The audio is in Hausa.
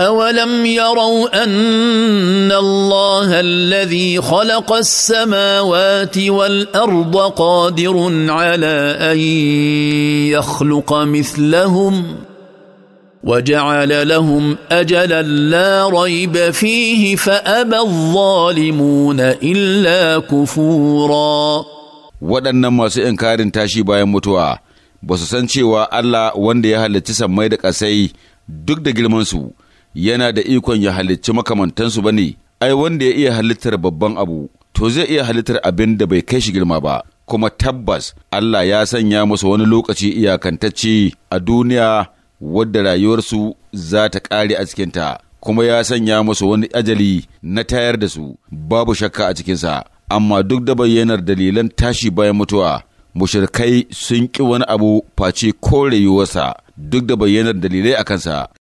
أولم يروا أن الله الذي خلق السماوات والأرض قادر على أن يخلق مثلهم وجعل لهم أجلا لا ريب فيه فأبى الظالمون إلا كفورا ودن مَوَسِئِ إِنْكَارٍ تاشي bayan mutuwa ba وَأَلَّا san cewa Allah wanda ya دك sammai yana da ikon ya halicci makamantansu ba ne, ai wanda ya iya halittar babban abu, to zai iya halittar abin da bai kai shi girma ba, kuma tabbas Allah ya sanya musu wani lokaci iyakantacce a duniya wadda rayuwarsu za ta ƙare a cikinta, kuma ya sanya musu wani ajali na tayar da su, babu shakka a cikinsa, amma duk da bayyanar dalilan tashi bayan mutuwa. Mushirkai sun ƙi wani abu face koreyuwarsa duk da bayyanar dalilai a kansa